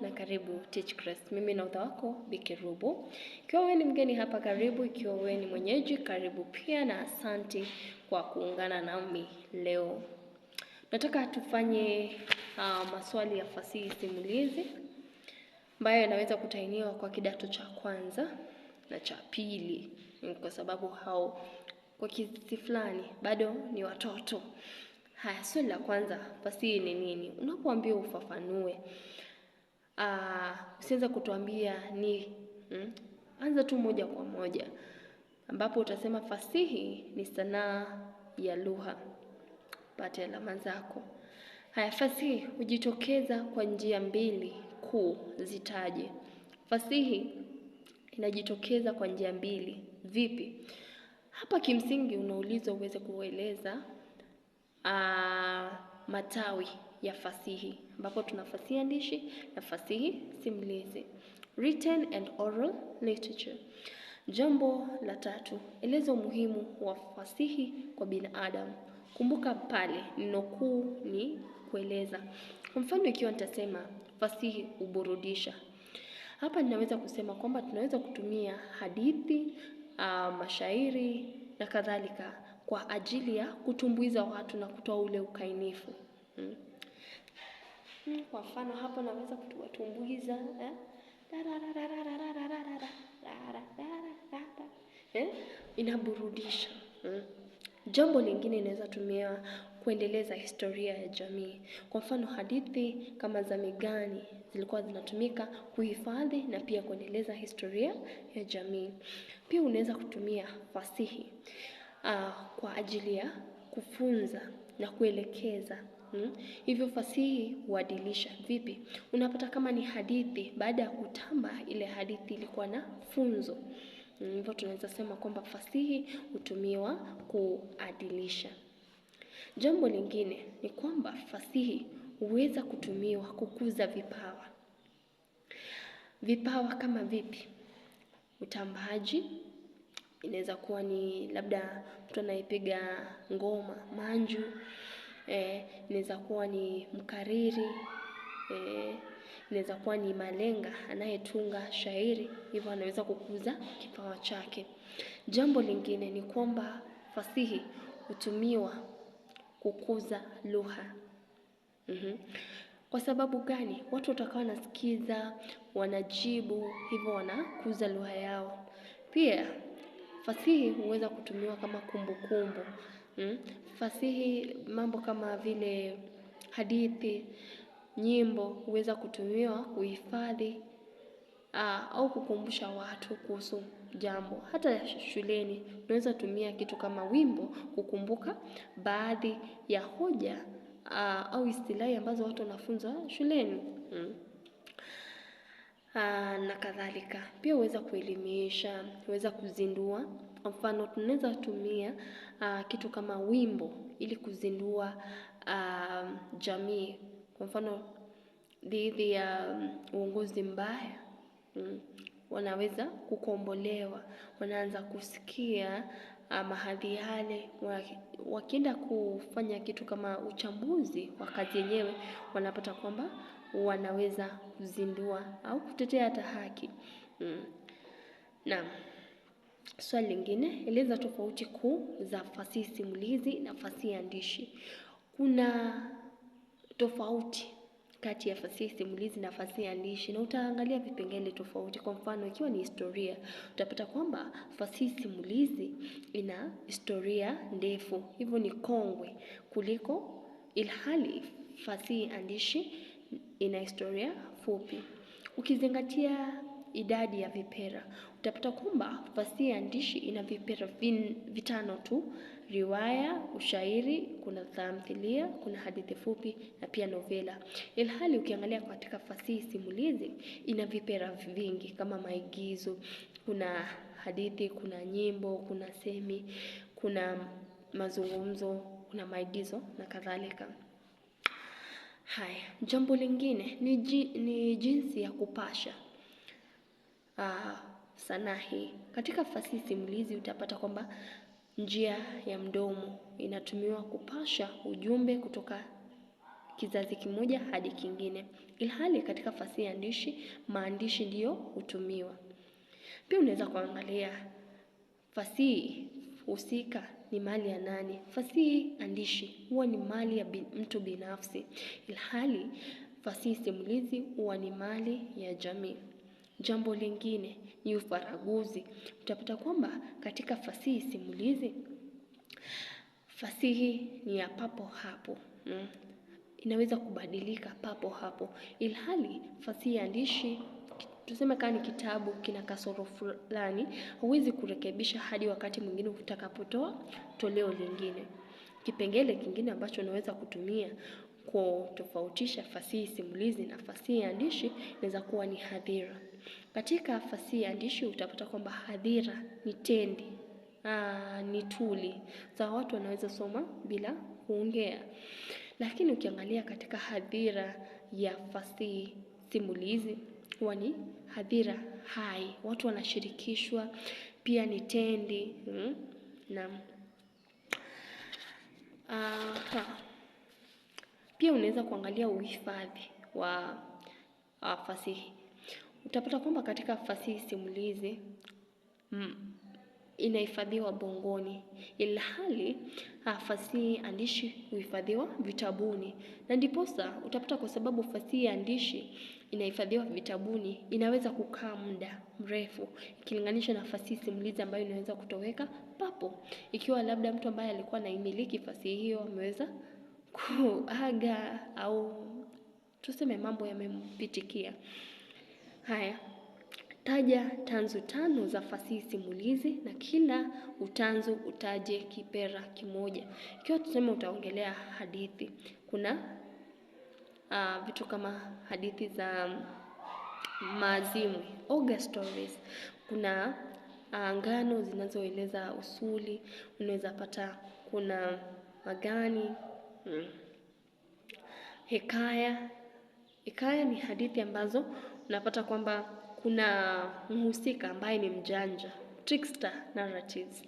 na karibu Teachkrest. Mimi na udha Biki Rubu. Ikiwa wewe ni mgeni hapa, karibu. Ikiwa wewe ni mwenyeji, karibu pia, na asante kwa kuungana nami leo. Nataka tufanye uh, maswali ya fasihi simulizi ambayo yanaweza kutainiwa kwa kidato cha kwanza na cha pili, kwa sababu hao kwa kiasi fulani bado ni watoto. Haya, swali la kwanza, fasihi ni nini? Unapoambiwa ufafanue uh, ah, usianze kutuambia ni mm, anza tu moja kwa moja, ambapo utasema fasihi ni sanaa ya lugha. Pate alama zako. Haya, fasihi hujitokeza kwa njia mbili kuu zitaje. Fasihi inajitokeza kwa njia mbili. Vipi? Hapa kimsingi unaulizwa uweze kueleza ah, matawi ya fasihi ambapo tuna fasihi andishi na fasihi simulizi, written and oral literature. Jambo la tatu, eleza umuhimu wa fasihi kwa binadamu. Kumbuka pale neno ni kueleza. Kwa mfano, ikiwa nitasema fasihi huburudisha, hapa ninaweza kusema kwamba tunaweza kutumia hadithi, uh, mashairi na kadhalika kwa ajili ya kutumbuiza watu na kutoa ule ukainifu hmm. Kwa mfano hapo naweza eh? inaburudisha. Jambo lingine inaeza tumia kuendeleza historia ya jamii. Kwa mfano hadithi kama za migani zilikuwa zinatumika kuhifadhi na pia kuendeleza historia ya jamii. Pia unaweza kutumia fasihi kwa ajili ya kufunza na kuelekeza Hmm? Hivyo fasihi huadilisha vipi? Unapata kama ni hadithi, baada ya kutamba ile hadithi ilikuwa na funzo. Hmm, hivyo tunaweza sema kwamba fasihi hutumiwa kuadilisha. Jambo lingine ni kwamba fasihi huweza kutumiwa kukuza vipawa. Vipawa kama vipi? Utambaji, inaweza kuwa ni labda mtu anayepiga ngoma, manju eh, inaweza kuwa ni mkariri eh, inaweza kuwa ni malenga anayetunga shairi, hivyo anaweza kukuza kipawa chake. Jambo lingine ni kwamba fasihi hutumiwa kukuza lugha. Mm-hmm. Kwa sababu gani? Watu watakawa wanasikiza, wanajibu, hivyo wanakuza lugha yao. Pia fasihi huweza kutumiwa kama kumbukumbu kumbu mm? Fasihi, mambo kama vile hadithi, nyimbo huweza kutumiwa kuhifadhi au kukumbusha watu kuhusu jambo. Hata shuleni unaweza tumia kitu kama wimbo kukumbuka baadhi ya hoja aa, au istilahi ambazo watu wanafunza shuleni mm? Aa, na kadhalika. Pia huweza kuelimisha, huweza kuzindua kwa mfano tunaweza tumia uh, kitu kama wimbo ili kuzindua uh, jamii kwa mfano dhidi ya uh, uongozi mbaya mm, wanaweza kukombolewa, wanaanza kusikia uh, mahadhi yale. Wakienda kufanya kitu kama uchambuzi wa kazi yenyewe, wanapata kwamba wanaweza kuzindua au kutetea hata haki mm. Naam. Swali lingine, eleza tofauti kuu za fasihi simulizi na fasihi andishi. Kuna tofauti kati ya fasihi simulizi na fasihi andishi, na utaangalia vipengele tofauti. Kwa mfano, ikiwa ni historia, utapata kwamba fasihi simulizi ina historia ndefu, hivyo ni kongwe kuliko ilhali fasihi andishi ina historia fupi ukizingatia idadi ya vipera. Utapata kwamba fasihi ya andishi ina vipera vin, vitano tu: riwaya, ushairi, kuna tamthilia, kuna hadithi fupi na pia novela. Ilhali ukiangalia katika fasihi simulizi ina vipera vingi kama maigizo, kuna hadithi, kuna nyimbo, kuna semi, kuna mazungumzo, kuna maigizo na kadhalika. Haya, jambo lingine ni, ji, ni jinsi ya kupasha uh, sanaa hii. Katika fasihi simulizi utapata kwamba njia ya mdomo inatumiwa kupasha ujumbe kutoka kizazi kimoja hadi kingine, ilhali katika fasihi andishi maandishi ndiyo hutumiwa. Pia unaweza kuangalia fasihi husika ni mali ya nani. Fasihi andishi huwa ni mali ya bin, mtu binafsi, ilhali fasihi simulizi huwa ni mali ya jamii. Jambo lingine ni ufaraguzi. Utapata kwamba katika fasihi simulizi, fasihi ni ya papo hapo mm. Inaweza kubadilika papo hapo, ilhali fasihi andishi tuseme kama ni kitabu kina kasoro fulani, huwezi kurekebisha hadi wakati mwingine utakapotoa toleo lingine. Kipengele kingine ambacho unaweza kutumia kutofautisha fasihi simulizi na fasihi andishi inaweza kuwa ni hadhira. Katika fasihi andishi utapata kwamba hadhira ni tendi, aa, ni tuli. Sasa watu wanaweza soma bila kuongea, lakini ukiangalia katika hadhira ya fasihi simulizi huwa ni hadhira hai, watu wanashirikishwa, pia ni tendi mm. na Aha. Pia unaweza kuangalia uhifadhi wa ah, fasihi utapata kwamba katika fasihi simulizi mm, inahifadhiwa bongoni, ilhali ah, fasihi andishi huhifadhiwa vitabuni, na ndiposa utapata kwa sababu fasihi andishi inahifadhiwa vitabuni inaweza kukaa muda mrefu ikilinganisha na fasihi simulizi ambayo inaweza kutoweka papo, ikiwa labda mtu ambaye alikuwa anaimiliki fasihi hiyo ameweza kuaga au tuseme mambo yamempitikia. Haya, taja tanzu tano za fasihi simulizi na kila utanzu utaje kipera kimoja. Ikiwa tuseme utaongelea hadithi, kuna uh, vitu kama hadithi za maazimwi mm, Oga stories, kuna uh, ngano zinazoeleza usuli, unaweza pata kuna magani hmm. Hekaya. Hekaya ni hadithi ambazo unapata kwamba kuna mhusika ambaye ni mjanja trickster narratives.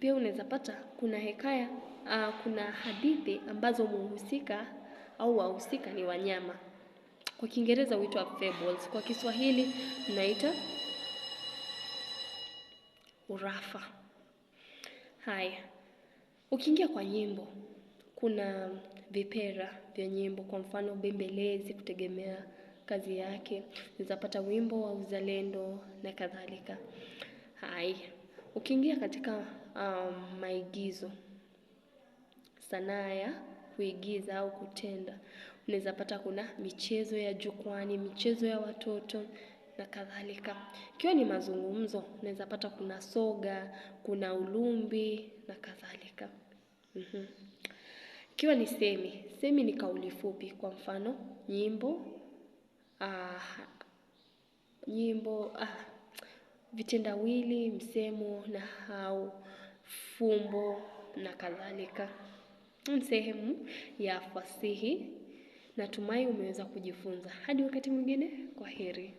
Pia unaweza pata kuna hekaya uh, kuna hadithi ambazo mhusika au wahusika ni wanyama. Kwa Kiingereza huitwa fables, kwa Kiswahili tunaita urafa. Haya, ukiingia kwa nyimbo, kuna vipera vya nyimbo, kwa mfano bembelezi, kutegemea kazi yake, unaweza pata wimbo wa uzalendo na kadhalika. Hai, ukiingia katika um, maigizo, sanaa ya kuigiza au kutenda, unaweza pata kuna michezo ya jukwani, michezo ya watoto na kadhalika. Ikiwa ni mazungumzo, unaweza pata kuna soga, kuna ulumbi na kadhalika. Mhm. Ikiwa mm -hmm. ni semi, semi ni kauli fupi, kwa mfano nyimbo uh, nyimbo uh, vitendawili, msemo, na nahau, fumbo na kadhalika. Ni sehemu ya fasihi. Natumai umeweza kujifunza. Hadi wakati mwingine, kwa heri.